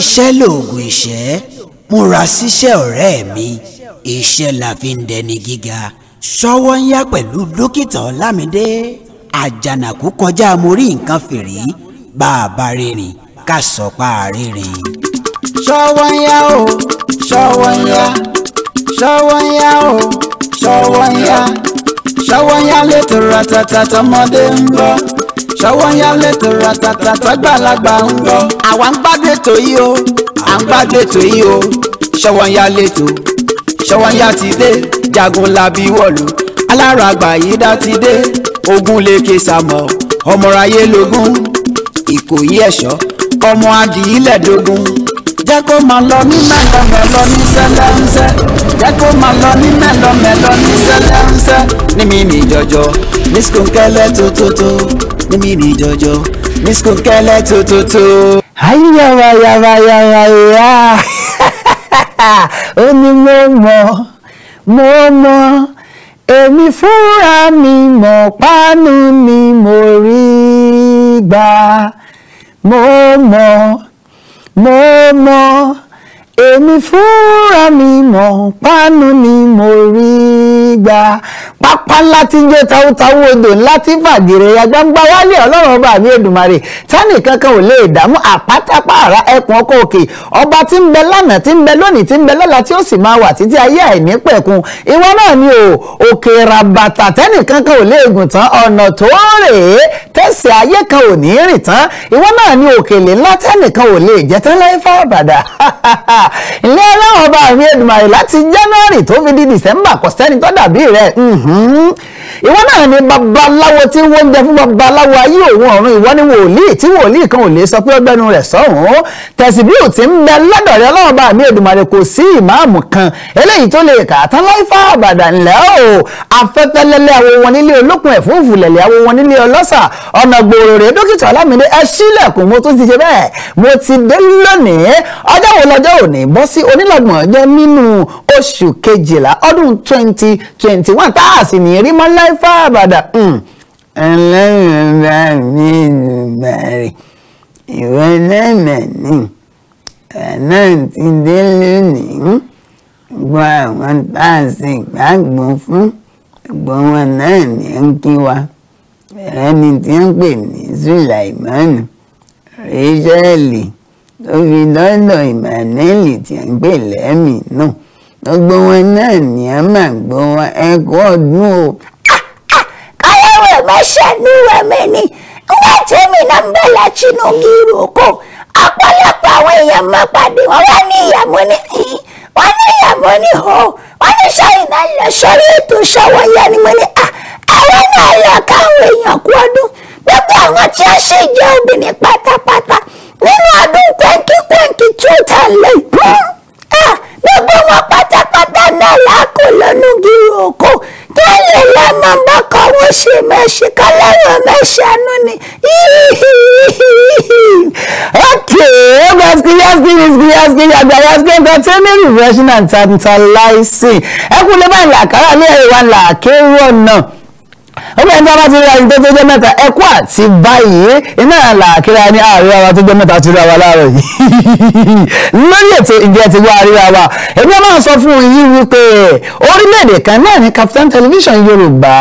iṣẹ́ lóògùn ìṣẹ́ múra síṣẹ́ ọ̀rẹ́ mi iṣẹ́ la fi ń dẹni gíga ṣọwọ́ ń yá pẹ̀lú dókítà ọlámídé àjànàkú kọjá mo rí nǹkan fìrí bá rìnrìn ká sọ pa ṣọwọ́ ń yá o ṣọwọ́ ń yá ṣọwọ́ ń yá o ṣọwọ́ ń yá ṣọwọ́ ń yá létò ratata tọmọdé ń bọ̀ tọwọ́ yá lẹ́tọ̀ ratata tọ́gbàlagbà ń lọ. àwa ń gbàgbé tó yí o à ń gbàgbé tó yí o ṣọwọ́ yá lẹ́tọ̀ ṣọwọ́ yá ti dé jagun labi wọ̀lú alára àgbàyídá ti dé ogun lèkè sàmọ̀ ọmọráyé lógún ìkòyí ẹ̀ṣọ́ ọmọ adìyílẹ̀ dógún jẹ́ kó máa lọ ní mẹ́lọ́mẹ́lọ́ ní sẹ́lẹ̀ńsẹ́ jẹ́ kó máa lọ ní mẹ́lọ́mẹ́lọ́ ní sẹ́lẹ̀ńsẹ́ ní mímì jọjọ ní skunkẹ́lẹ́ tótótó mímí ni jọjọ miss Kokele tótótó. ayáwa yáwa yáwa yá ó ní mo mọ̀ mo mọ̀ èmi fúnra mi mọ̀ pánú ni mo rí gbà mo mọ̀ mo mọ̀. èmi fúnra mi mọ̀ pánú ni mo rí gbà pápá ńlá tí ń jó tawútawú odò ńlá tí ń fàgèrè agbáńgbá wálé ọlọ́run ọba mi èdùmarè tani kankan ò lè dààmú ẹkùn ọkọ òkè ọba ti ń bẹ lánàá tí ń bẹ lónìí tí ń bẹ lọ́la tí ó sì máa wà títí ayé àìní pẹ̀kun ìwọ ni o òkè tẹ́nì kankan ò lè gùn tán ọ̀nà tó rèé ayé kan ò ní rìn tán ìwọ náà ni òkèlè ńlá tẹ́nì kan ò lè tán ilé ọlọ́run ọba mi Èdùmàrè láti January tó fi di December kò sẹ́ni tó dàbí rẹ̀ ìwọ náà ni babaláwo tí wọ́n ń jẹ fún babaláwo ayé òun ọ̀run ìwọ ni wòlíì tí wòlíì kan ò lè sọ pé ọgbẹ́nu rẹ̀ sọ̀hún tẹ̀síbíù tí ń bẹ lọ́dọ̀ rẹ̀ ọlọ́run ọba mi Èdùmàrè kò sí ìmáàmù kan eléyìí tó lè kà á tán láì àbàdà ńlẹ́ o afẹ́fẹ́ lẹ́lẹ́ awo wọn nílé olókun ẹ̀fúùfù lẹ̀lẹ́ awo wọn nílé ọlọ́sà ọ̀nà gbòòrò rẹ̀ dókítà Ọlámídé ẹ sílẹ̀kùn mo tún ti ṣe bẹ́ẹ̀ òní bọ́ sí onílọ́gbọ̀n ọjọ́ nínú oṣù kejìlá ọdún twenty twenty one tá a sì ní rí mọ́ àbàdà mi ẹ̀nà ti dé lónìí gbọ́ àwọn tá a sì gbàgbọ́ fún gbọ́ náà ní ń kí wa ẹni tí ń pè ní lórí lọ́dọ̀ Emmanuel tí a ń gbé lẹ́mìí náà gbogbo wọn náà ní a máa gbọ́ wọn ẹ̀kọ́ ọdún o. káyọ̀wé mẹ́sẹ̀ níwẹ̀ mi ni wọ́n ti mi náà ń bẹ̀rẹ̀ Tinubu ìrókò ọ̀pọ̀lọpọ̀ àwọn èèyàn máa pàdé wọn wá ní ìyàmú ní wọn ní ìyàmú ní hó wọn ní sẹ́yìn náà lọ sórí ètò ìṣòwò yẹn ni mo ní ah, àwọn náà lọ káwọn èèyàn kú ọdún gbogbo àwọn tí ó sì jẹ́ obìnrin pátápátá nínú ọdún twenty twenty two tẹ̀lé ah, gbogbo wọn pátápátá náà lákò lọ́nù gírí òkò tó lè lọ́nà bá kọ́ ṣe mẹ́ṣe kọ́ lẹ́yìn mẹ́ṣánú ni ẹkùn lè bá ń ní ẹ̀rọ wa là náà ọgbẹ́ ẹni bá ti rí àyè tó tó jẹ́ mẹ́ta ẹ̀kú àti báyìí iná làákìrá ní ààrẹ ara tó jẹ́ mẹ́ta ti rí àwa láàárọ̀ yìí lórí ètò ìjẹ́ ti wá àríra èmi máa sọ fún yín wípé orílẹ̀-èdè kan náà ní Kaftan Television Yorùbá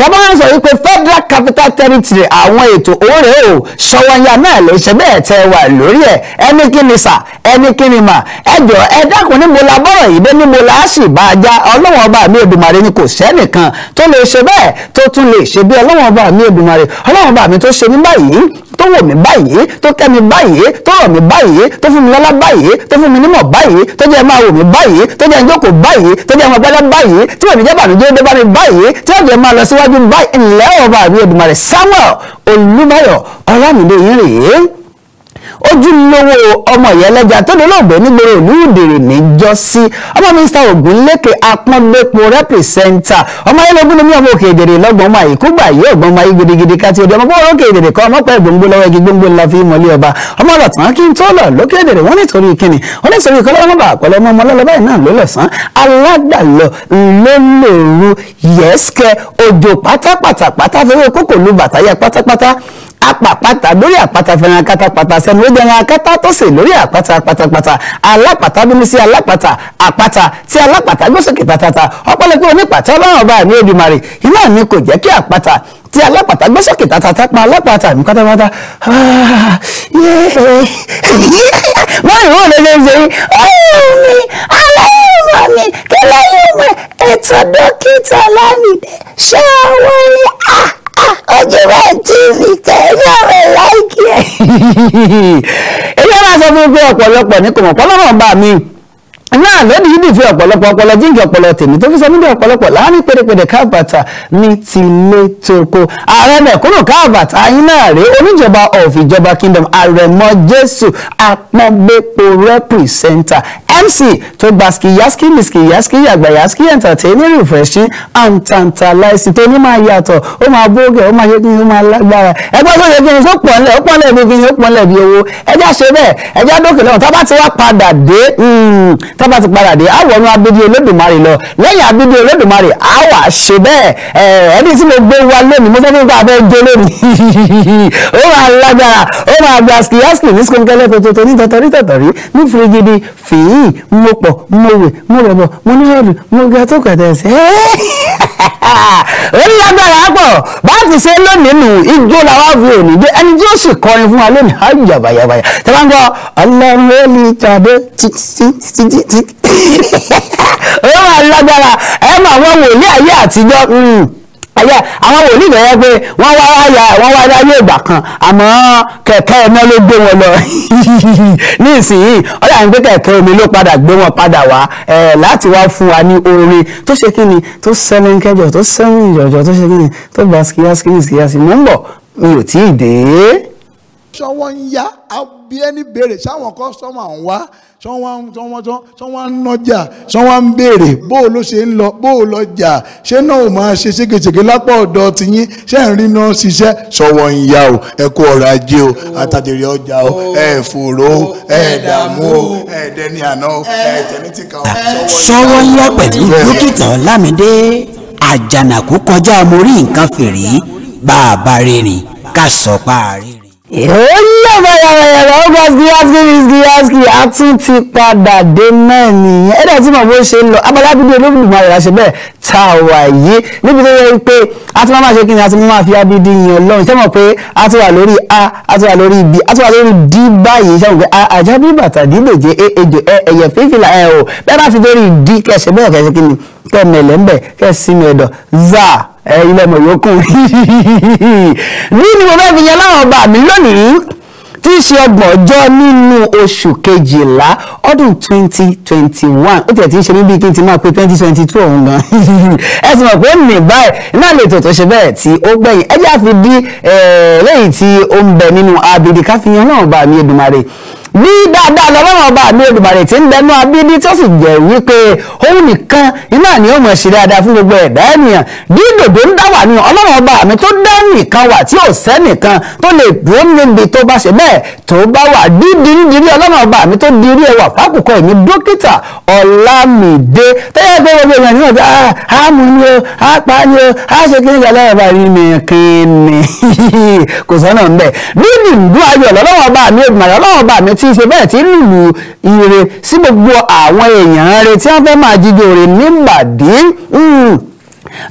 tọ́mọ́ ń sọ wípé federal capital territory àwọn ètò òórè o ṣọwọ́nyá náà lè ṣe bẹ́ẹ̀ tẹ́ wà lórí ẹ̀ ẹni kí ni sà ẹni kí ni mà ẹ jọ ẹ dákun ní mo la bọ́rọ̀ yìí bẹ́ẹ̀ ni mo la sì bá a já ọlọ́wọ́n ọba mi Èdùmàrè ni kò sẹ́nìkan tó lè ṣe bẹ́ẹ̀ tó tún lè ṣe bí ọlọ́wọ́n ọba mi Èdùmàrè ọlọ́wọ́n ọba mi tó ṣe mí báyìí tó wò mí báyìí tó kẹ́ mi báyìí tó rọ̀ mí báyìí tó fún mi lọ́lá báyìí tó fún mi nímọ̀ báyìí tó jẹ́ máa wò mí báyìí tó jẹ́ ń jókòó báyìí tó jẹ́ máa gbẹ́lẹ́ báyìí tí òní jẹ́ bàmíjẹ́ dé bá mi báyìí tí ó jẹ́ máa lọ síwájú síwájú báyìí ńlẹ́ ọba àbí Èdùmàrè Samuel Olúmáyọ̀ Ọlámídé yín rèé ojúlówó ọmọ ìyẹlẹ́jà tó dolóògbé nígboro ìlú ìdèrè níjọ́sí ọmọ mínísítà ògúnlékè apọ́ngbépo rẹ́pìsẹ́ńtà ọmọ ayélujára ní ọmọ òkè èdèrè lọ́gbọ̀n ọmọ àyè kúgbà yé ọ̀gbọ́n ọmọ ayé gidigidi káti òde ọmọ bó orókè èdèrè kọ́ ọmọpẹ́ gbòǹgbò lọ́wọ́ igi gbòǹgbò ńlá fi mọ́lé ọba ọmọ ọ̀tàn kí n tó lọ lókè èdèrè wọ́n nítorí kíni wọ́n nítorí kọ́lọ́ ọmọ bàá pẹ̀lú ọmọ ọmọ lọ́lọ́ báyìí náà ló lọ̀sán alágbàlọ́ ńlọ́lọ́rù yẹ́sìkẹ́ òjò pátápátá pátá fẹ́rẹ́ kókò lu bàtà yẹ pátápátá apàpàtà lórí àpáta fẹ́ràn akátapàtà sẹ́nu ó dẹran akátá tó sè lórí àpáta pátápátá alápàtà bínú sí alápàtà àpáta tí alápàtà gbé sókè tàtàtà ọ̀pọ̀lọpọ̀ onípàtà ọlọ́run ọba mi Èdùmàrè iná ni kò jẹ́ kí àpáta tí alápàtà gbé sókè tàtàtà pa alápàtà mi pátápátá wọ́n ìwọ́n lè lè ṣe ọ̀hún mi aláìmọ̀ mi kí lẹ́yìn mọ̀ ètò dókítà lánìí ṣé àwọn ilé ah! ojú bá ti rí kẹ́lẹ́ rẹ̀ láìkí ẹ̀. èyí máa sọ fún pé ọ̀pọ̀lọpọ̀ ní kò mọ̀ pọ́nlọ́mọ̀ bá mi náà lónìí yìí nìfẹ́ ọ̀pọ̀lọpọ̀ ọpọlọ jíǹkì ọpọlọ tèmi tó fi sọ níbi ọ̀pọlọpọ̀ láàrin pérépéré káàbàtà ní tilé toko ààrẹ mẹ̀kúnnù káàbàtà ayín náà rèé oníjọba of ìjọba kingdom àrẹ̀mọ jésù àpọ́ngbépo rẹ́pìrìsẹ́ńtà mc tó gba yaski, miskiyaski yaski, entertainer refreshing and tantalizing tó ní máa yàtọ̀ ó máa bóge ó máa yé kí ni ó máa lágbára ẹgbẹ́ tó yẹ kí ni tó pọ̀nlẹ̀ ó pọ̀nlẹ̀ bí kí ni ó pọ̀nlẹ̀ bí owó ẹjá ṣe bẹ́ẹ̀ ẹjá dókè lọ́wọ́ tábà ti wá padà dé hmm, tábà ti padà dé àwọn abidi olódùmarè lọ lẹ́yìn abidi olódùmarè á wà ṣe bẹ́ẹ̀ ẹni tí mo gbé wa lónìí mo fẹ́ fún bàbá ẹjọ́ lónìí ó máa lágbára ó máa gba skiyaski ní skóńkẹ́lẹ́ tuntun tó ní tọ̀tọ̀rí tọ̀tọ̀rí ní firigidi fìyín mo pọ̀ mo wè mo rọ̀bọ̀ mo níwèrè mo ga tó kẹ̀tẹ̀ sí. ó lágbára pọ̀ bá ti ṣe lónìí nù ijó làwọn fi òní dé ẹni tí ó sì kọrin fún wa lónìí á yàbàyàbàyà tí wọ́n ń gbọ́ ọlọ́run ó lè jáde títí ó máa lágbára ẹ máa wọ́n wòlé ayé àtijọ́. Hmm àyà àwọn wòlíì bẹ̀rẹ̀ pé wọ́n wá àyà wọ́n wá láyé ìgbà kan àmọ́ kẹ̀kẹ́ iná ló gbé wọn lọ ní ìsinyìí ọ̀là ń gbé kẹ̀kẹ́ omi ló padà gbé wọn padà wá láti wá fún wa ní orin tó ṣe kí ni tó sẹ́nu kẹjọ tó sẹ́nu ìjọ̀jọ̀ tó ṣe kí ni tó gba skiyaskini skiyasi mò ń bọ̀ mi ò tí ì dé. ṣọwọ́ ń yá bí ẹni sáwọn kọ́sọ́mà ń wá ṣọ́wọ́n ń nọjà ṣọ́wọ́n ń béèrè bóò ló ṣe ń lọ bóò lọ jà ṣé náà ò máa ṣe ségesège lápá ọ̀dọ̀ tiyín ṣé ń rí náà ṣiṣẹ́ ṣọwọ́ ń ya o ẹ kó ọrọ̀ ajé o àtàdèrè ọjà o ẹ fòrò o ẹ dààmú o ẹ dẹni àná o ẹ tẹ̀lẹ́tìkà o ṣọwọ́ ń yá pẹ̀lú dókítà ọ̀làmídé àjànàkú kọjá mo nǹkan fèrè bá a bá èèyàn bàyàbàyàbà ó bá gíyàsíkì gíyàsíkì a tún ti padà dé náà nìyẹn ẹ̀dá tí màá bó ṣe lọ abala bíbí olóògùn ìgbà rẹ̀ àṣẹ bẹ́ẹ̀ tá a wà yìí níbi tó yẹ pé a ti máa máa ṣe kí ni a ti máa fi abidi yan lọ́run ṣé mọ̀ pé a ti wà lórí a a ti wà lórí b a ti wà lórí d báyìí ṣé mọ̀ pé a àjábí bàtà d lè e, e, jẹ ejò ẹ̀yẹ̀ fífìlà ẹ̀ e, o bẹ́ẹ̀ bá fi lórí d kẹsẹ̀ bẹ́ẹ̀ kẹsẹ̀ kí ni kẹ́mẹ̀lẹ́ ń bẹ̀ kẹ́sìmì ẹ̀dọ̀ zaa ilẹ̀ mọ̀ yòókù nínú mo fẹ́ fi yan láwọn ọba mi lónìí tí í ṣe ọgbọ̀n ọjọ́ nínú oṣù kejìlá ọdún twenty twenty one ó tiẹ̀ ti ń ṣe mí bíi kí n ti máa pe twenty twenty two ọ̀hún gan ẹ sì mọ̀ pé ní báyìí náà lè tòótọ́ ṣe bẹ́ẹ̀ tí ó gbẹ̀yìn ẹ jẹ́ àfi dí eh, lẹ́yìn tí ó ń bẹ nínú abidi káfíńyàn náà bá mi Èdùmàrè bí dáadáa lọ́lọ́run ọba àmì olùbàrẹ̀ tí ń bẹnu abídí tó sì jẹ́ wípé òun nìkan iná ni ó mọ̀ ṣe dáadáa fún gbogbo ẹ̀dá ènìyàn bí dòdò ń dá wà ní ọlọ́run ọba àmì tó dá nìkan wà tí ò sẹ́nìkan tó lè dúró níbi tó bá ṣe bẹ́ẹ̀ tó bá wà dídí ń dirí ọlọ́run ọba àmì tó dirí ẹwà fákùkọ ẹ̀mí dókítà ọ̀làmìdé tẹ́yẹ pé gbogbo èèyàn ní ọ̀dọ́ àmú ah, ni o ni o àṣẹ kí nígbà lọ́wọ́ bá rí mi kí ni kò sọ́nà ń bẹ̀ dídì tí í ṣe bẹ́ẹ̀ tí lùlù ire sí gbogbo àwọn èèyàn rẹ̀ tí wọ́n fẹ́ máa jíjó hmm. rẹ̀ nígbàdí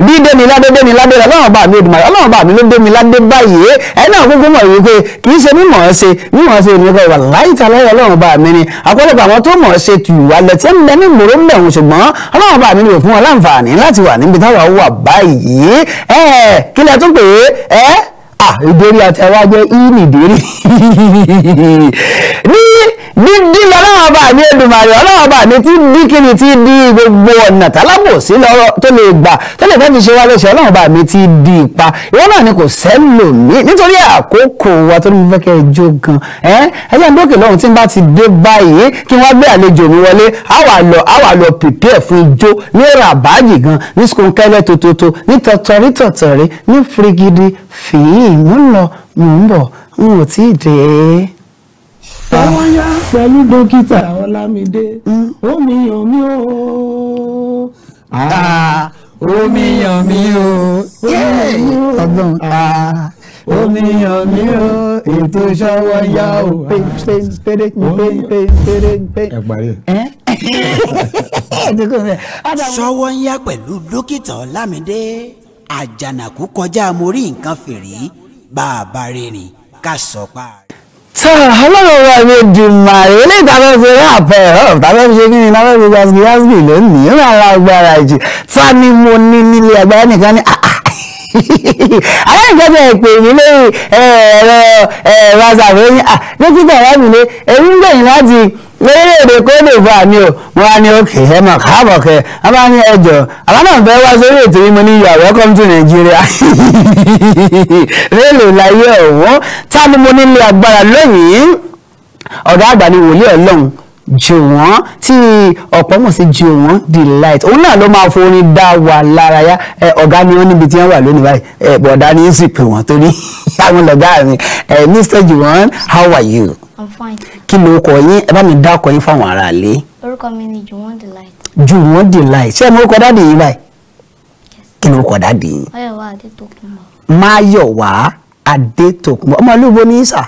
dídé mi ládé dé mi ládé rẹ ọlọ́run bá mi Olódùmarè ọlọ́run bá mi ló dé mi ládé báyìí ẹ náà kúkú mọ̀ wípé kì í ṣe mímọ̀ ọ́ ṣe mímọ̀ ọ́ ṣe èmi kọ́ ìwà láìta lọ́wọ́ ọlọ́run bá mi ni àpọ̀lọpọ̀ àwọn tó mọ̀ ọ́ ṣe tù wá lẹ̀ tí ń bẹ ní ìgboro ń bẹ̀rù ṣùgbọ́n ọlọ́run bá mi lè fún wọn láǹfààní láti wà níbi táwa wà báyìí ẹ kílẹ̀ tó pè é ẹ ìdérí àti àwa jẹ́ ìrì ìdérí ní dídí lọ́wọ́ bá ní Èdùmàrè ọlọ́wọ́ bá ní tí dí kíni tí dí gbogbo ọ̀nà tálábò sí lọ́rọ̀ tó lè gbà tó lè fẹ́ẹ́ fi ṣe wá léṣe ọlọ́wọ́ bá mi ti di ipa ìwọ náà ni kò sẹ́lò mí nítorí àkókò wa tó ní fẹ́ kẹ́ ẹ jó gan ẹ ẹ jẹ́ àdókè lọ́hùn tí n bá ti dé báyìí kí wọ́n gbé àlejò mi wọlé àwa lọ àwa lọ prepare fún ijó ní ràbáàgì gan ní skunkẹ́lẹ́ tòtòtò ní tọ̀tọ̀rí tọ̀tọ̀rí ní firigidi fìyí mò ń lọ mò ń bọ̀ n ò tí ì dé. ọmọ yá pẹ̀lú dókítà ọlámídé omi yàn mí o. omi yàn mí o. ọgbọ́n omi yàn mí o ètò ìṣọwọ́ yá o. ẹ ń yá pẹ̀lú dókítà ọlámídé àjànàkú kọjá mo nǹkan fèrè bàbá rìnrìn ká sọ pa. tó ọlọ́run wa mi di eléyìí tá a fẹ́ fẹ́ ṣe kí ni tá a fẹ́ fi yasgi yasgi lónìí ó máa agbára jù ta ni mo ní nílé agbára nìkan ni àá ah, ah aláìjọba ẹ̀pẹ̀ yìí lórí eh, ẹ̀rọ eh, whatsapp ó ní dókítà ọ̀rẹ́mìlẹ̀ èyí ń gbẹ̀yìn láti lórílẹ̀‐èdè kóòdù fún àmì ò wọ́n á ní òkè ẹ̀ mọ̀ káàbọ̀ kẹ́ ẹ ní ẹjọ́ àwọn náà fẹ́ wá sórí ètò yìí mo ní yà welcome to Nigeria rélò láyé ọ̀wọ́ tá ni mo nílé agbára lónìí ọ̀dọ́ àgbà ni wòlíì ọlọ́run jòwọ́n tí ọ̀pọ̀ mọ̀ sí jòwọ́n delight òun náà ló máa forin dá wa lárayá ọ̀gá ni wọ́n níbi tí wọ́n wà lónìí báyìí bọ̀dá ni yín sì pè wọ́n torí àwọn lọ́gá mi Mr. jòwọ́n how are you. I'm fine. kí ló kọ yín ẹ bá mi dá ọkọ yín fáwọn aráalé. orúkọ mi ni jòwọ́n delight. jòwọ́n delight ṣé ẹ mọ orúkọ dáàdì yín báyìí. kí ló kọ dáàdì yín. Máyọ̀wá Adétòkunbọ̀. Máyọ̀wá Adétòkunbọ̀ ọmọ olúwo ní ìsà.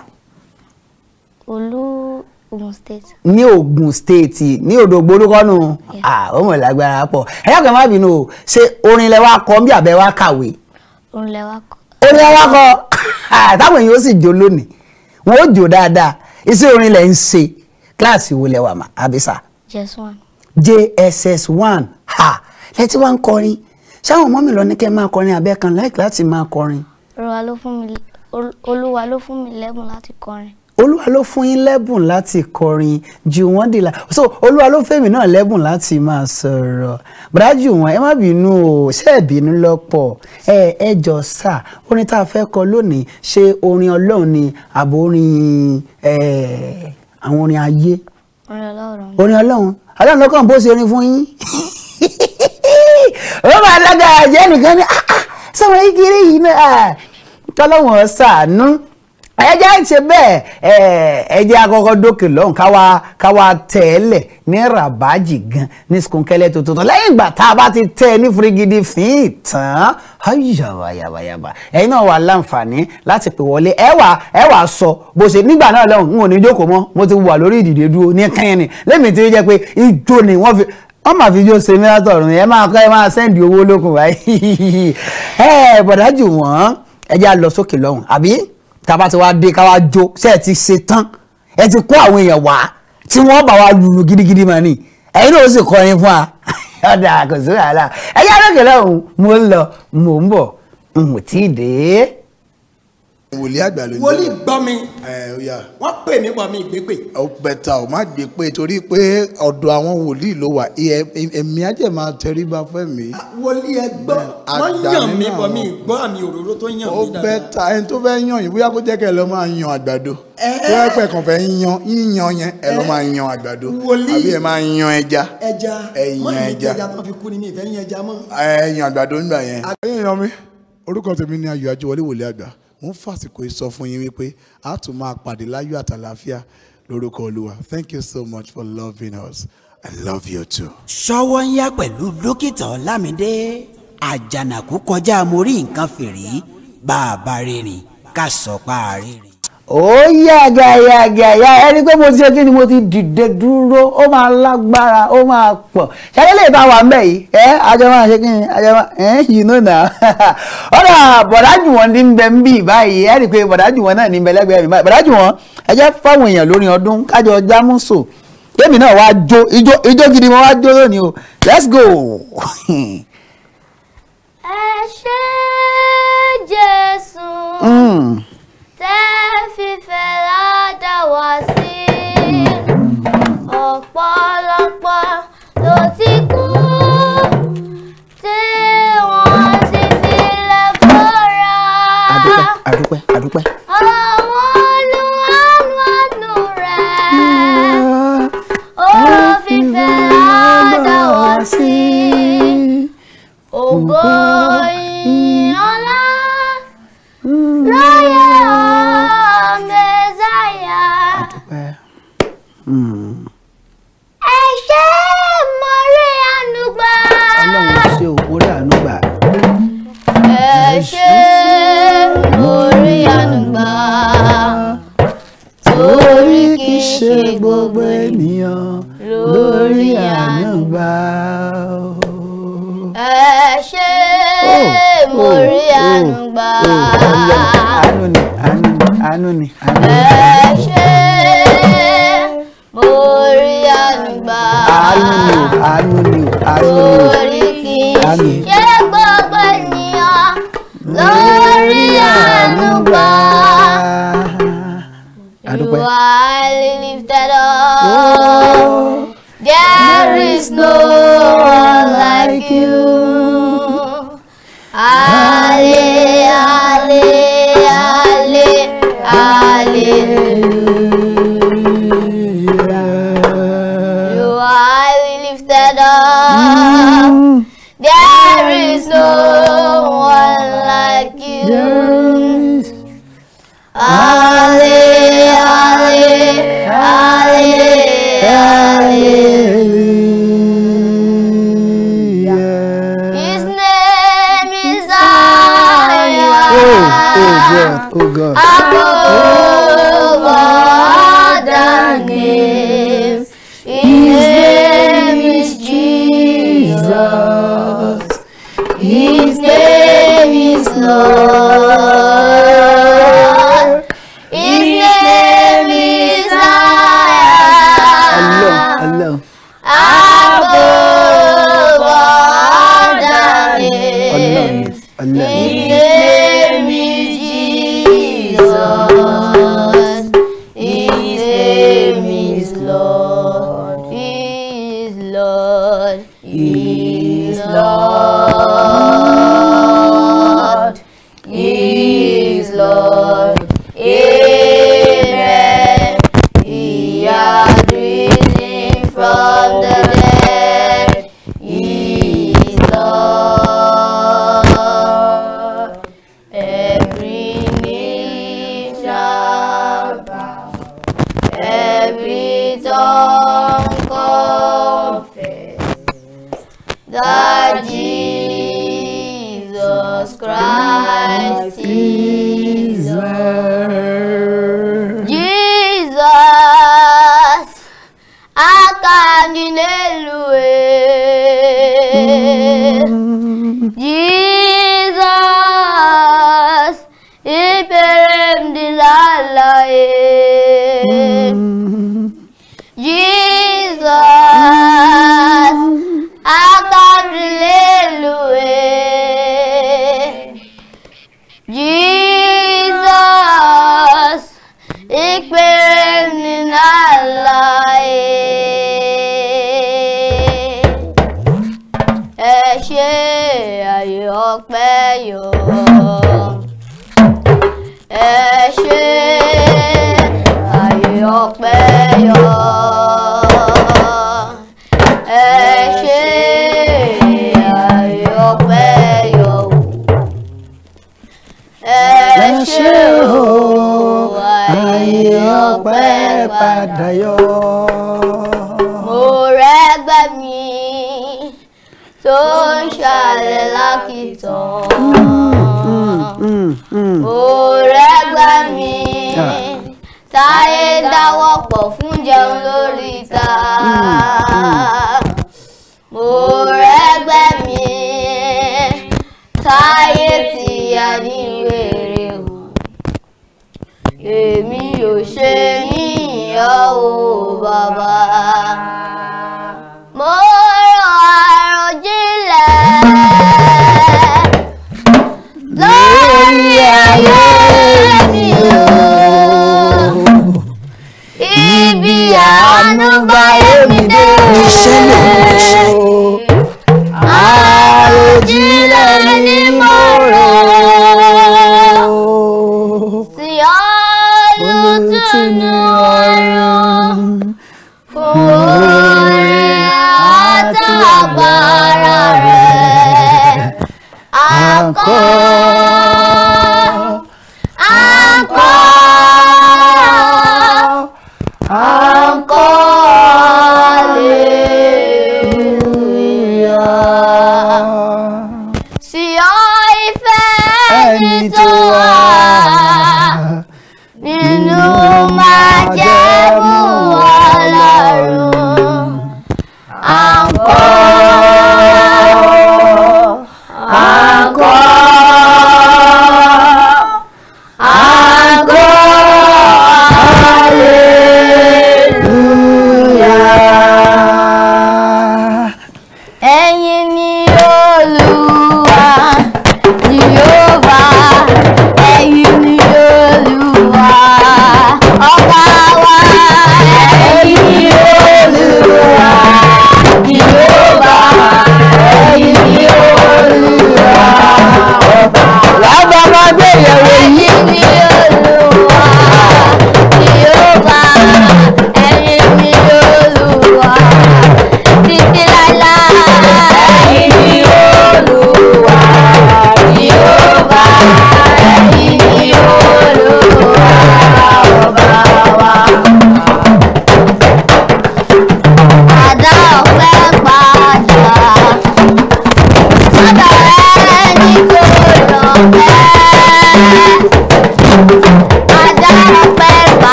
olú Ogun State. ní Ogun State ní òdògbò olúkọ nù ọmọ ah, ìlágbára pọ̀ ẹyà kan má bínú o ṣé orin lẹ wá kọ bí àbẹ wá kàwé. orin lẹ wá kọ. orin lẹ wá kọ táwọn èèyàn ó sì jó lónìí wọn ó jó dáadáa iṣẹ́ orin lẹ ń ṣe kíláàsì wo lẹ wà abisa. jss one. jss one ha lẹtí wá ń kọrin ṣáwọn ọmọ mi lọ ní kẹ́ máa kọrin abẹ́ kan láì láti máa kọrin. olúwa ló fún mi lẹ́gùn láti kọrin olúwa ló fún yín lẹ́bùn láti kọrin jù wọ́n dìlà so olúwa ló fẹ́mi náà lẹ́bùn láti máa sọ̀rọ̀ bùrájù wọn ẹ má bínú o ṣe é bínú lọ́pọ̀ ẹ ẹ jọ sà orin tá a fẹ́ kọ lónìí ṣé orin ọlọ́run ni àbò orin àwọn orin ayé orin ọlọ́run ọlọ́run lọ́kàn bó ṣe orin fún yín ó máa lágbára jẹ́ nìkan ní ah, ah, sọ̀rọ̀ yìí kiri yìí náà tọ́lọ́wọ̀n ah, ṣàánú ẹ jẹ́ ń ṣe bẹ́ẹ̀ ẹ jẹ́ akọ́kọ́ dókè lọ́hùn káwa káwa tẹ̀lẹ̀ ní rabaji gan ní skunkẹ́lẹ́ tuntun tán lẹ́yìn ìgbà tá a bá ti tẹ́ ẹ ní firigidi fín tán ayabayaba ẹ̀yin náà wà láǹfààní láti pè wọlé ẹ wà ẹ wà sọ bó ṣe nígbà náà lọ́hùn n ò ní jókòó mọ́ mo ti wà lórí ìdìde dúró ní kẹ́yìn ni lẹ́mi tí ó jẹ́ pé ijó ni wọ́n fi wọ́n máa fi jó ṣe mẹ́rátọ̀ ọ̀run yẹn máa kọ́ ẹ máa sẹ́ǹdì owó lókun wáyé ẹ bọ̀dájú wọ́n ẹ jẹ́ à lọ sókè lọ́hùn tába ti wá dé ká jo jó ṣe ẹ ti ṣe tán ẹ ti kó àwọn èèyàn wá tí wọ́n bá wa lùlù gidigidi mọ́ ni ẹ̀yin náà ó sì kọrin fún wa ọ̀dà kò sí wàhálà ẹ̀yà lókè lọ́hùn mo ń lọ mo ń bọ̀ n ò dé wòlíì àgbà ló ń jẹ́ wòlíì gbọ́ mi wọ́n pè mí bọ̀ mi ìgbépè. ó bẹ̀tà ó má gbépè torí pé ọ̀dọ̀ àwọn wòlíì ló wà èmi àjẹ́ máa tẹríba fẹ́ mi. Ah, wòlíì ẹ gbọ́ wọ́n yàn mí bọ̀ mi gbọ́ àmì òróró tó yàn mí dáadáa. ó bẹ̀tà ẹni tó fẹ́ yàn yín bóyá kó jẹ́ kẹ́ ẹ lọ máa yan àgbàdo tó ẹ pẹ̀ kàn fẹ́ yan yíyan yẹn ẹ lọ máa yan àgbàdo àbí ẹ máa yan ẹja ẹ yan ẹja orúkọ tèmi ni Ayọ̀ Ajíwọlé wòlíì àgbà ń fàsìkò ìsọ yín wípé a tún máa pàdé láyọ̀ àtàlàáfíà lórúkọ olúwa thank you so much for loving us i love you too. ṣọwọ́ ń yá pẹ̀lú dókítà ọlámídé àjànàkú kọjá mo nǹkan fìrí bá a ká sọ pa àárín. o oh, àjàyàjàyà ẹni pé mo ti ṣe kí ni mo ti dìde dúró ó máa lágbára ó máa pọ̀ ṣàlẹ́lẹ̀ wa wà mbẹ́ yìí ẹ ajọ máa ṣe kí na ọ̀rọ̀ bọ̀dájúwọ̀n ní bẹ ń bì báyìí ẹni pé bọ̀dájúwọ̀n náà ní bẹ lẹ́gbẹ̀ẹ́ mi báyìí bọ̀dájúwọ̀n ẹ jẹ́ fáwọn èèyàn lórí ọdún kájọ jámúsò èmi náà wá jó ijó gidi o let's go. ẹ Jésù. Hmm. tẹ́ fífẹ́ ládà wá sí ọ̀pọ̀lọpọ̀ ló ti kú tí wọ́n ti Oh God, oh God. Oh, oh mo rọ àròjinlẹ̀ lórí ayé mi o ibi àánú bá yé mi dé.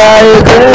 Hare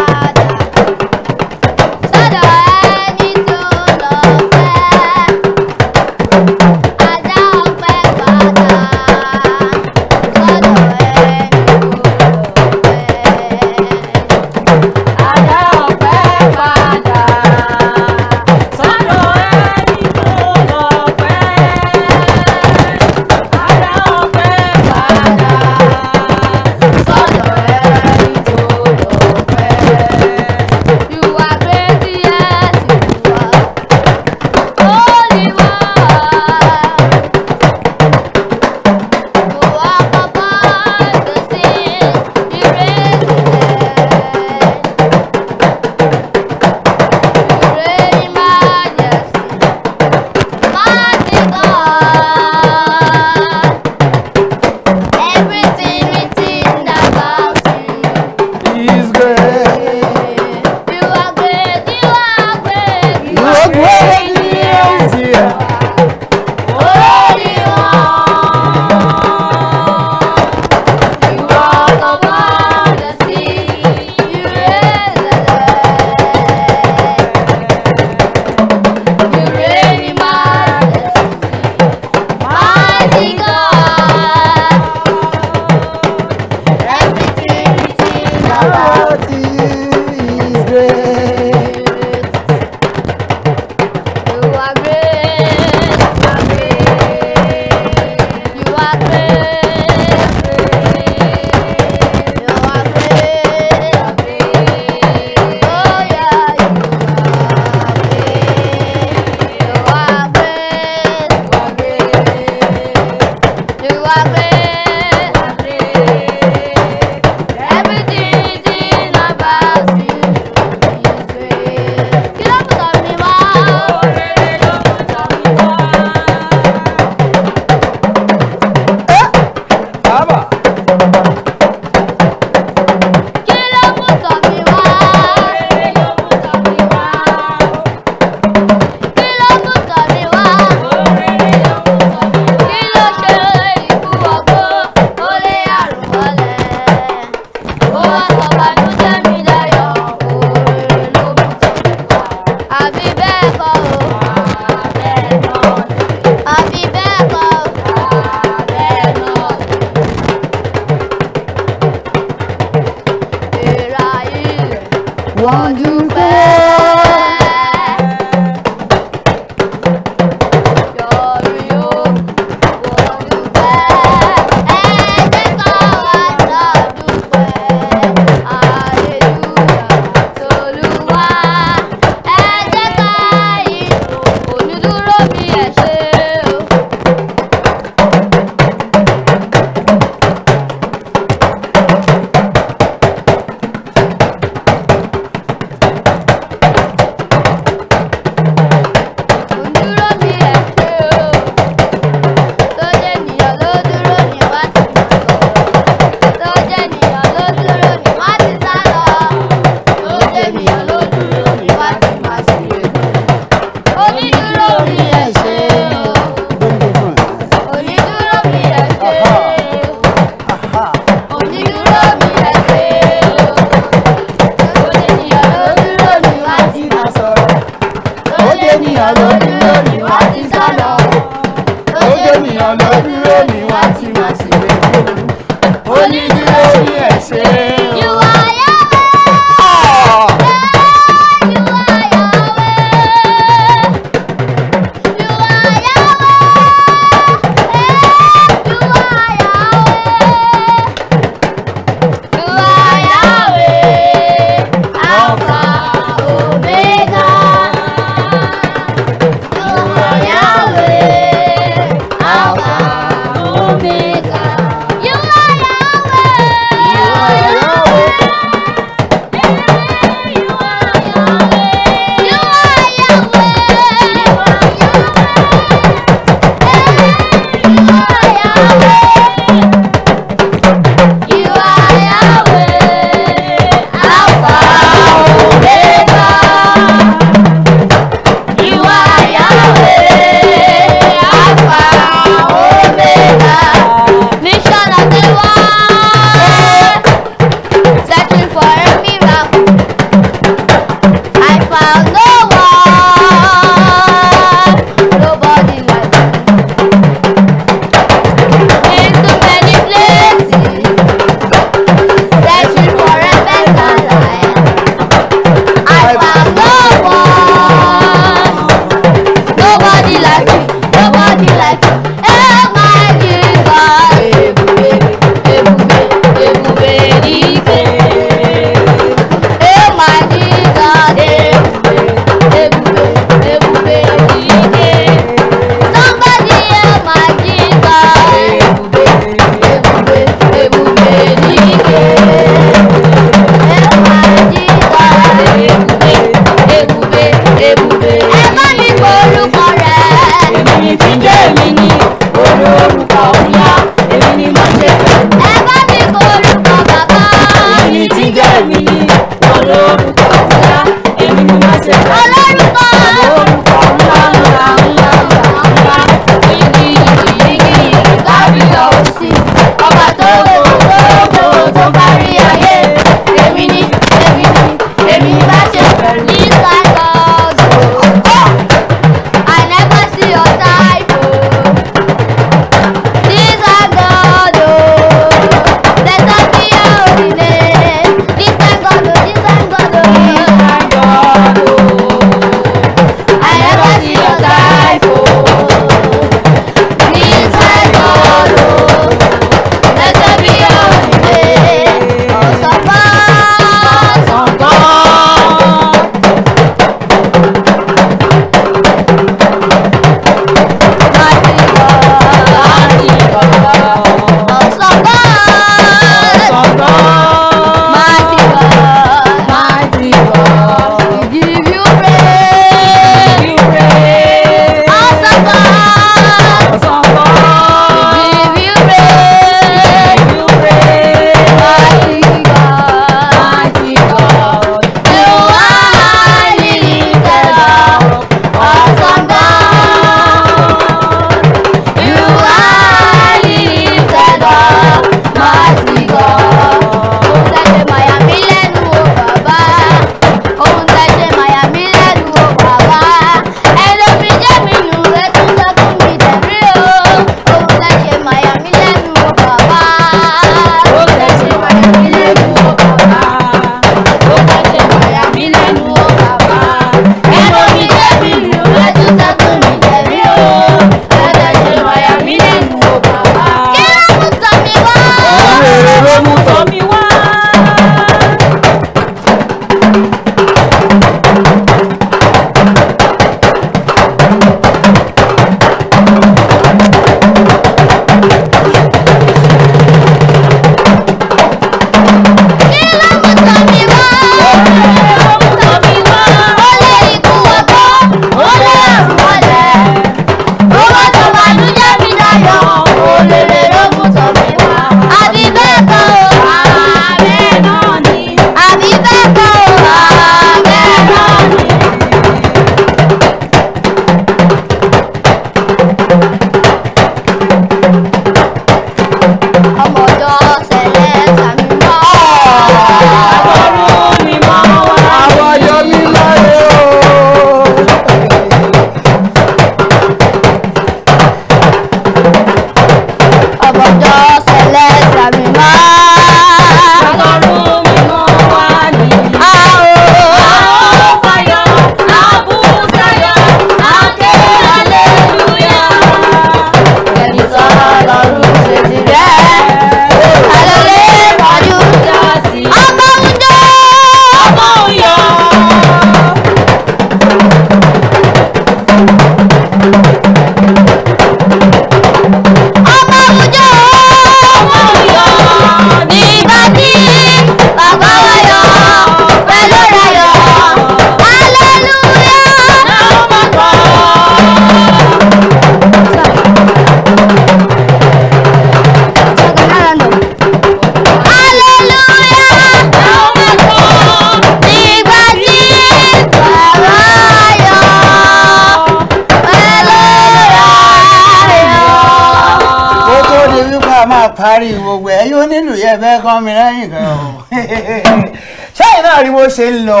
parí gbogbo ẹ yóò nílò yẹ fẹ́ kán mi lẹ́yìn kan o ṣẹ́yìn náà rí bó ṣe ń lọ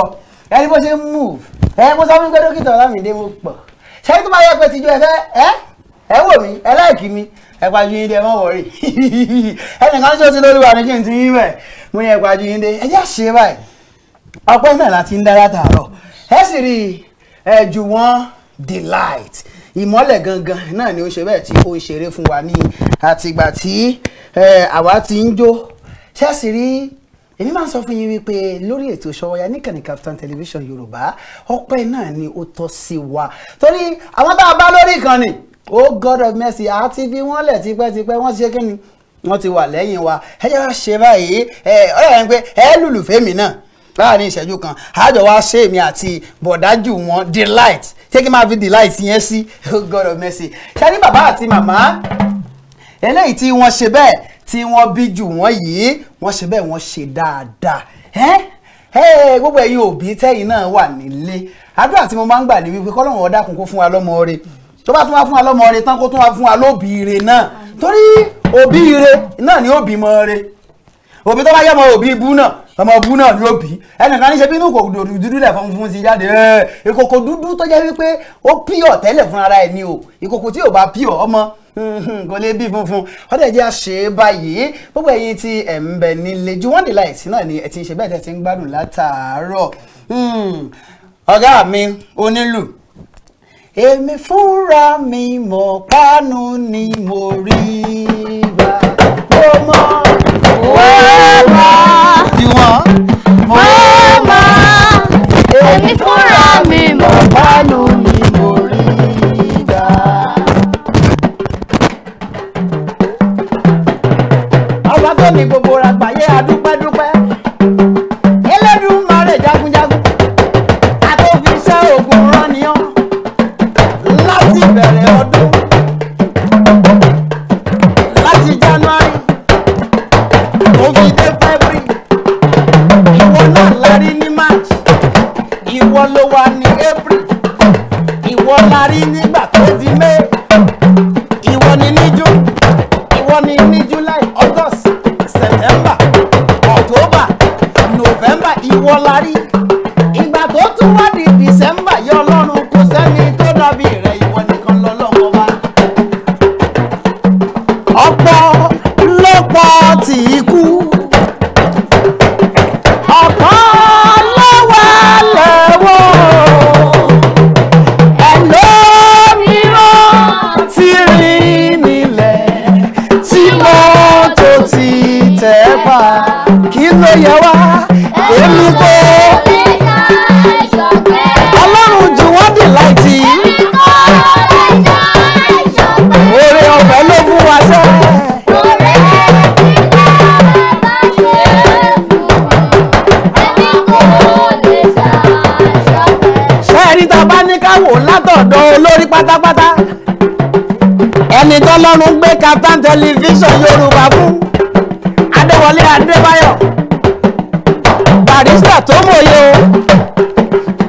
ẹ rí bó ṣe ń move ẹ mo sọ fún pé dókítà ọlámìdé mo pọ̀ ṣẹ́yìn tó bá yẹ pé tìjú ẹ fẹ́ ẹ ẹ wò mí ẹ láìkí mi ẹ pàjù yín dé ẹ má wọrí ẹnìkan ṣó ti lóluwà ní kí n ti yín mẹ mo yẹ pàjù yín dé ẹ jẹ́ ṣe báyìí ọpẹ́ náà láti ń dá látàárọ̀ ẹ sì rí ẹ jù wọ́n delight ìmọ́lẹ̀ gangan náà ni ó ń ṣe bẹ́ẹ̀ tí ó ń ṣeré fún wa ní àtìgbà tí àwa ti ń jó ṣẹ́ẹ̀sì rí èmi máa ń sọ fún yín wípé lórí ètò Sówónyá níkànnì Kaftan television yorùbá ọpẹ́ náà ni ó tọ́ sí wa torí àwọn tá a bá lórí ìkànnì oh god of mercy àti fi wọ́n lẹ̀ tipẹ́tipẹ́ wọ́n ṣe kí ni wọ́n ti wà lẹ́yìn wa ẹ jẹ́ wá ṣe báyìí ọ̀rẹ́ rẹ̀ ń pé ẹ lùlù fèmí náà láàrin ìṣẹ́jú kan àjọ wa ṣe èmi àti bọ̀dájú wọn delight ṣé kí n máa fi dì láì sí oh God of mercy ṣáà ní bàbá àti màmá eléyìí tí wọ́n ṣe bẹ́ẹ̀ tí wọ́n bí jù wọ́n yìí wọ́n ṣe bẹ́ẹ̀ wọ́n ṣe dáadáa ẹ́ gbogbo ẹ̀yin òbí tẹ́yìn náà wà nílé àdúrà tí mo máa ń gbà ní wípé kọ́lọ́run ó dákun kó fún wa lọ́mọ rẹ̀ tó bá tún wá fún wa lọ́mọ rẹ̀ tán kó tún wá fún wa lóbìí náà torí òbí rẹ̀ náà ni ó bímọ rẹ̀ òbí tó bá yẹ ọmọ òbí ibú náà ọmọ ibú náà ni ó bí ẹnìkan níṣe bínú kò dúdú lẹ̀ funfun sí jáde ìkòkò dúdú tó jẹ́ wípé ó píọ̀ tẹ́lẹ̀ fún ara ẹ̀ ni o ìkòkò tí ò bá píọ̀ ọmọ kò lè bí funfun ọdẹ jẹ́ àṣẹ báyìí gbogbo ẹ̀yin tí ẹ̀ ń bẹ nílé ju wọ́n dé láìsí náà ni ẹ̀ ti ń ṣe bẹ́ẹ̀ tẹ̀ ti ń gbádùn látàárọ̀ hmm. ọ̀gá mi onílù èmi fúnra mi mọ̀ pánú ni mo rí gbà mo mọ̀ wẹ́ẹ́. èmi fúnra mi mọ̀ bọ́ọ̀lù ni mo rí dá. ọba tó ní gbogbo ra gbàyé adúpẹ́dúpẹ́ Elédùmarè jagunjagun àtòfiṣẹ́ ògùn rán ni ọdún. Karin tẹlifíṣàn yorùbá fún adéwọlé adébáyọ̀ barista tó mòye o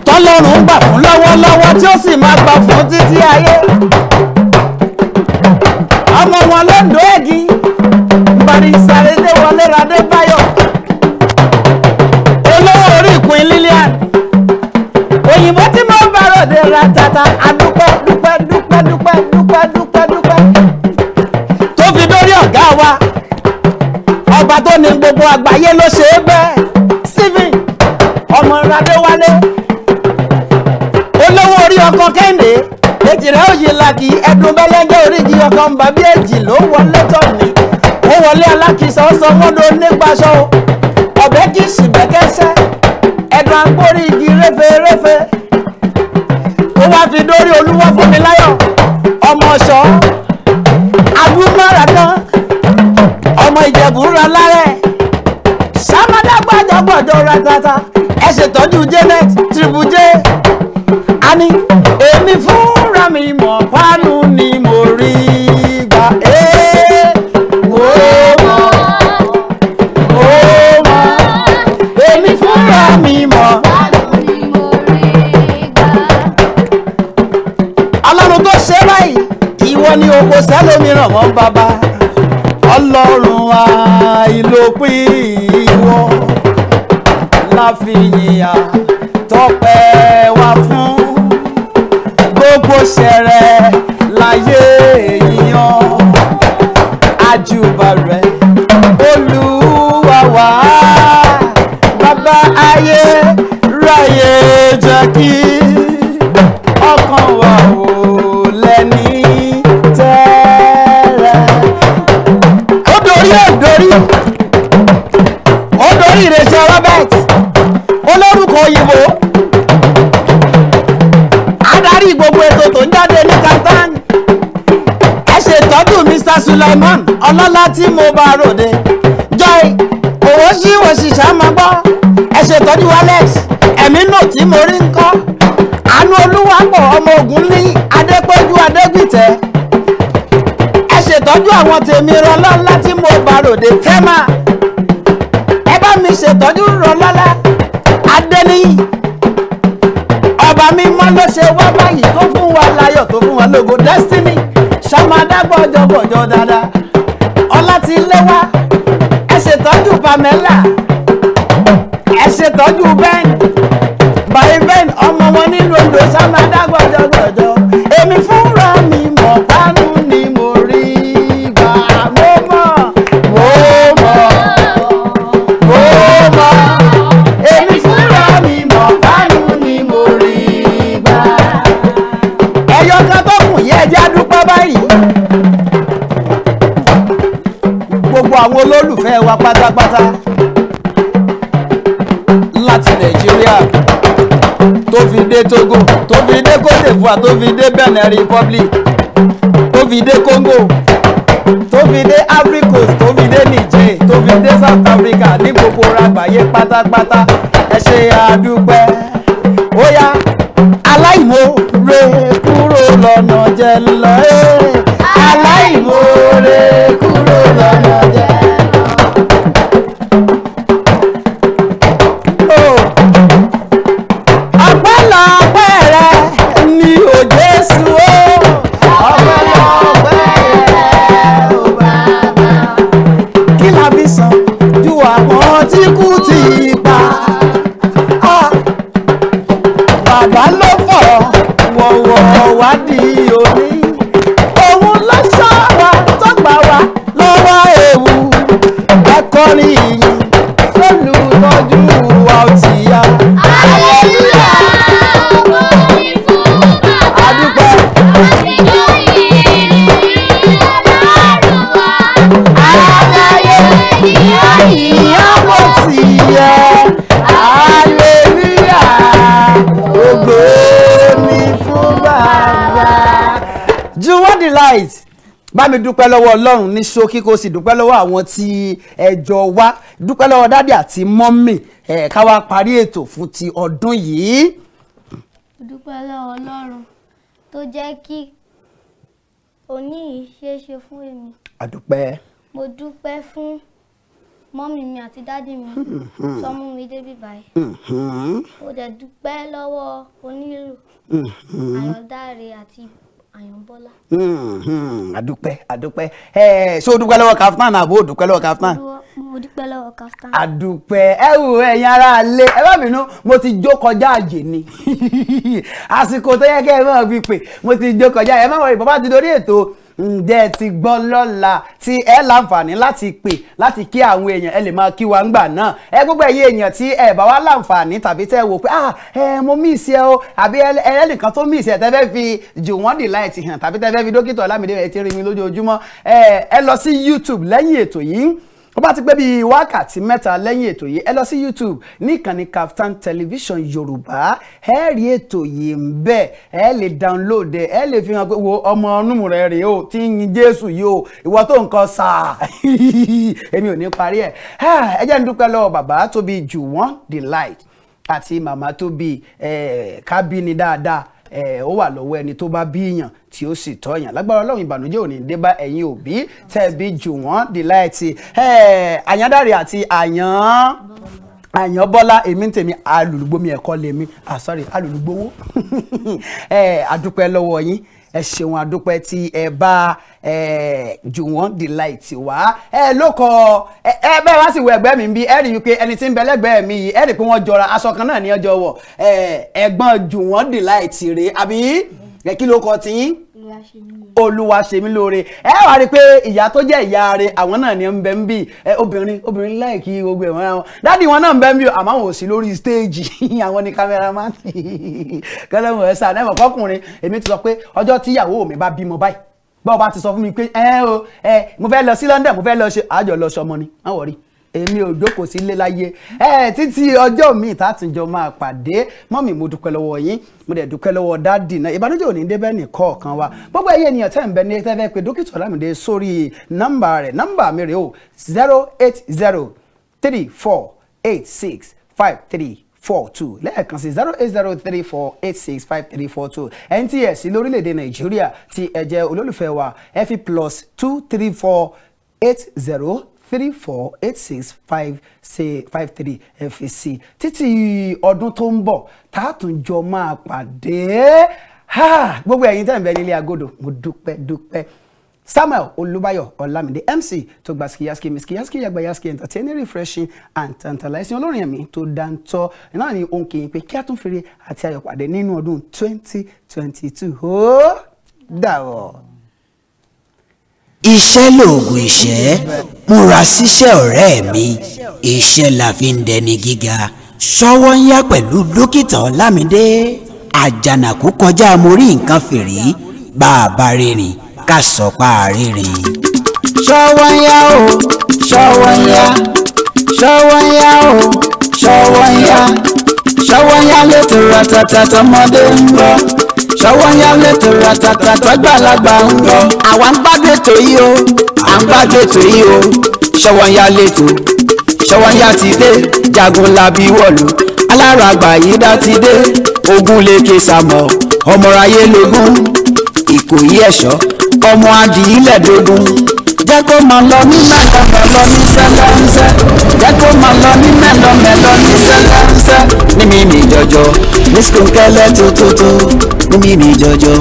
tọ́lọ́run ń gbà fún lọ́wọ́lọ́wọ́ tí ó sì máa gbà fún títí ayé ọmọ wọn lóńdó ẹ̀gí barista adéwọlé radé. àgbáyé ló ṣe é gbẹ́ Stephen ọmọ Adéwálé olówó orí ọkọ Kẹ́hìndé èjìrẹ́ òye làkì ẹ̀dùn bẹ́lẹ́jẹ́ oríjì ọkọ ń bàbí èjì ló wọlé tọ̀nì ó wọlé alákìsọ sọ wọn ló nípaṣọ ọbẹ̀ kì í ṣì agbórí igi réfe pátápátá ẹ ṣètọ́jú Janet triple j a ní èmi fúnra mi mọ̀ pánú ni mo rí gbà ẹ́ wò ó mi mọ̀. ọlọ́run tó ṣe báyìí ìwọ ni o kò sẹ́lómi ràn ọlọ́run àìlópin wá fi yìnyà tọpẹ́ wá fún gbogbo ṣẹrẹ. ọlọ́lá tí mo bá ròde joy òwò sí òṣìṣẹ́ máa gbọ́ ẹ ṣètọ́jú alex ẹ̀mí nù tí mo rí ń kọ́ àánú olúwapọ̀ ọmọ ogun ní adépẹ́jú adégbìtẹ́ ẹ ṣètọ́jú àwọn tèmi rọlọ́lá tí mo bá ròde tẹ́mà ẹ bá mi ṣètọ́jú rọlọ́lá adéníyì ọba mi mọ́ ló ṣe wá báyìí tó fún wa láyọ̀ tó fún wa lógo destiny ṣàmàdàgbọ́jọ́gbọ́jọ́ dáadáa. gbogbo olólùfẹ́ wa pátápátá láti nàìjíríà tó fi dé togo tó fi dé cote d'ivoire tó fi dé benin republic tó fi dé congo tó fi dé africa tó fi dé niger tó fi dé south africa ní gbogbo àgbáyé pátápátá ẹ ṣe àdúpẹ́ ó yá aláìmoore kúrò lọ́nà jẹ́ ńlọ eh. ìyàwó tìyẹ aleluya ògo ni fún bàbá. mi dúpẹ́ lọ́wọ́ ọlọ́run ní ṣókí kó sì dúpẹ́ lọ́wọ́ àwọn tí ẹjọ́ wá dúpẹ́ lọ́wọ́ dádì àti mọ́mì ẹ̀ ká wá parí ètò fún ti ọdún yìí. dúpẹ́ lọ́wọ́ ọlọ́run tó jẹ́ kí òní yìí ṣeé ṣe fún èmi. àdúpẹ́. mo dúpẹ́ fún mọ́mì mi àti dádì mi hmm. sọ mú mi débi báyìí ó hmm. dẹ̀ dúpẹ́ lọ́wọ́ onílù àyọ̀dáre hmm. àti àyànbọ́lá. àdúpẹ́ àdúpẹ́ ẹ ṣé o dúpẹ́ lọ́wọ́ Kaftan àbó o dúpẹ́ lọ́wọ́ Kaftan. mo dúpẹ́ lọ́wọ́ Kaftan. àdúpẹ́ ẹ wò ẹ̀yin ará ilé ẹ bá bínú mo ti jó kọjá àjè ni àsìkò tó yẹ kẹ́ ẹ máa fi pè mo ti jó kọjá ẹ má wọlé bàbá ti dorí ètò ǹdẹ́ ti gbọ́ lọ́la tí ẹ láǹfààní láti pè láti kí àwọn èèyàn ẹ lè máa kí wa ńgbà náà ẹ gbogbo ẹ̀yẹ èèyàn tí ẹ bá wá láǹfààní tàbí tẹ́ wò pé ah ẹ mo mí ìsẹ́ o àbí ẹ nìkan tó mí ìsẹ́ tẹ́ fẹ́ fi Juwon Delight hàn tàbí tẹ́ fẹ́ fi dókítà Ọlámídé ẹ ti rí mi lójoojúmọ́ ẹ lọ sí YouTube lẹ́yìn ètò yìí tó bá ti pé bíi wákàtí mẹ́ta lẹ́yìn ètò yìí ẹ lọ sí YouTube ní ìkànnì Kaftan television Yorùbá ẹ rí ètò yìí ń bẹ ẹ lè download ẹ ẹ lè fi hàn pé wo ọmọ ọ̀nùmù rẹ rèé o tí ń yin Jésù yìí o ìwọ tó nǹkan sà èmi ò ní parí ẹ ẹ jẹ́ ń dúpẹ́ lọ́wọ́ bàbá tó bí Juwon the light àti màmá tó kábíni dáadáa ó wà lọ́wọ́ ẹni tó bá bí yàn tí ó sì tọ́ yàn lágbára ọlọ́run ìbànújẹ́ ò ní dé bá ẹ̀yin òbí tẹ̀bí jù wọ́n dìláìtì àyándàrí àti àyán àyànbọ́lá èmi ń tèmi alùlùgbòmí ẹ̀kọ́ lèmi ah sorry alùlùgbòwó àdúpẹ́ lọ́wọ́ yín ẹ ṣeun àdúpẹ́ tí ẹ bá ẹ Juwon Delight wá ẹ lóko ẹ bẹ́ẹ̀ wá sí wo ẹgbẹ́ mi bí ẹ rí i pé ẹni tí ń bẹ lẹ́gbẹ̀ẹ́ mi yìí ẹ rí i pé wọ́n jọra aṣọ kan náà ní ọjọ́ wọ̀ ẹ̀gbọ́n Juwon Delight rèé àbí kí ló kọ tiyín olúwa ṣe mí lóore ẹ wá rí i pé ìyá tó jẹ́ ìyá rẹ̀ àwọn náà ni ń bẹ ń bì ẹ obìnrin obìnrin láìkí gbogbo ẹ̀wọ̀n ara wọn dáàdi wọn náà ń bẹ ń bì àmọ́ àwọn ò sí lórí stéèjì àwọn ni kámẹ́rámán kẹlẹ́wọ̀n ẹ̀ sàn ẹ̀wọ̀n kọkùnrin èmi ti sọ pé ọjọ́ tíyàwó mi bá bímọ báyìí bọ́ọ̀ bá ti sọ fún mi pé ẹ o ẹ mo fẹ́ lọ sí London mo fẹ́ lọ ṣe àjọ lọ sọmọ ni má wọrí èmi ò jókòó sílé láyé ẹ títí ọjọ́ míì tátùjọ máa pàdé mọ́mì mo dúpẹ́ lọ́wọ́ yín mo dẹ̀ dúpẹ́ lọ́wọ́ dáàdì náà ìbànújẹ́ ò ní débẹ̀ nìkọ́ kan wa gbogbo ẹ̀yẹ ènìyàn tẹ́ ń bẹ ní tẹ́fẹ́ pé dókítà Ọlámídé sórí nọ́mbà rẹ̀ nọ́mbà mi rèé o zero eight zero three four eight six five three four two lẹ́ẹ̀kan sí zero eight zero three four eight six five three four two nts lórílẹ̀‐èdè nàìjíríà tí ẹ jẹ́ olólùfẹ́ wa ẹ plus two three four eight zero three four eight six five say five three ẹ fi sí i títí ọdún tó ń bọ̀ tá a tún jọ máa pàdé gbogbo ẹ̀yin tẹ́ ń bẹ nílé agodo mo dúpẹ́ dúpẹ́ samuel olúbáyọ̀ ọlámídé mc tó gba skiyaski miskiyaski yagbayaski entertaining refreshing and tantalizing olórin ẹ̀mí tó dáńtọ́ náà ni òun kìí pé kí a tún fèrè àti ayọ̀ pàdé nínú ọdún twenty twenty two ó dàrọ̀ iṣẹ́ lóògùn ìṣẹ́ múra síṣẹ́ ọ̀rẹ́ mi iṣẹ́ la fi ń dẹni gíga ṣọwọ́ ń yá pẹ̀lú dókítà ọlámídé àjànàkú kọjá mo rí nǹkan fìrí bá rìnrìn ká sọ pa ṣọwọ́ ń yá o ṣọwọ́ ń yá ṣọwọ́ ń yá o ṣọwọ́ ń yá ṣọwọ́nyálé tó ratata tọmọdé ń gbọ́ ṣọwọ́nyálé tó ratata tọgbàlagbà ń gbọ́ àwa ń gbàgbé tó yí o à ń gbàgbé tó yí o ṣọwọ́nyálé tó ṣọwọ́nyá ti dé jagun labi wọ̀lú aláràgbà yìí dá ti dé ogun lèkè sàmọ̀ ọmọ ayé lógún ìkòyí ẹ̀ṣọ́ ọmọ adìyí lẹ̀dógún jẹ́ kó máa lọ ní mẹ́lọmẹ́lọ ní sẹ́lẹ̀ńsẹ́ jẹ́ kó máa lọ ní mẹ́lọmẹ́lọ ní sẹ́lẹ̀ńsẹ́ ní mímí jọjọ ní skunkẹ́lẹ́ tuntun ní mímí jọjọ.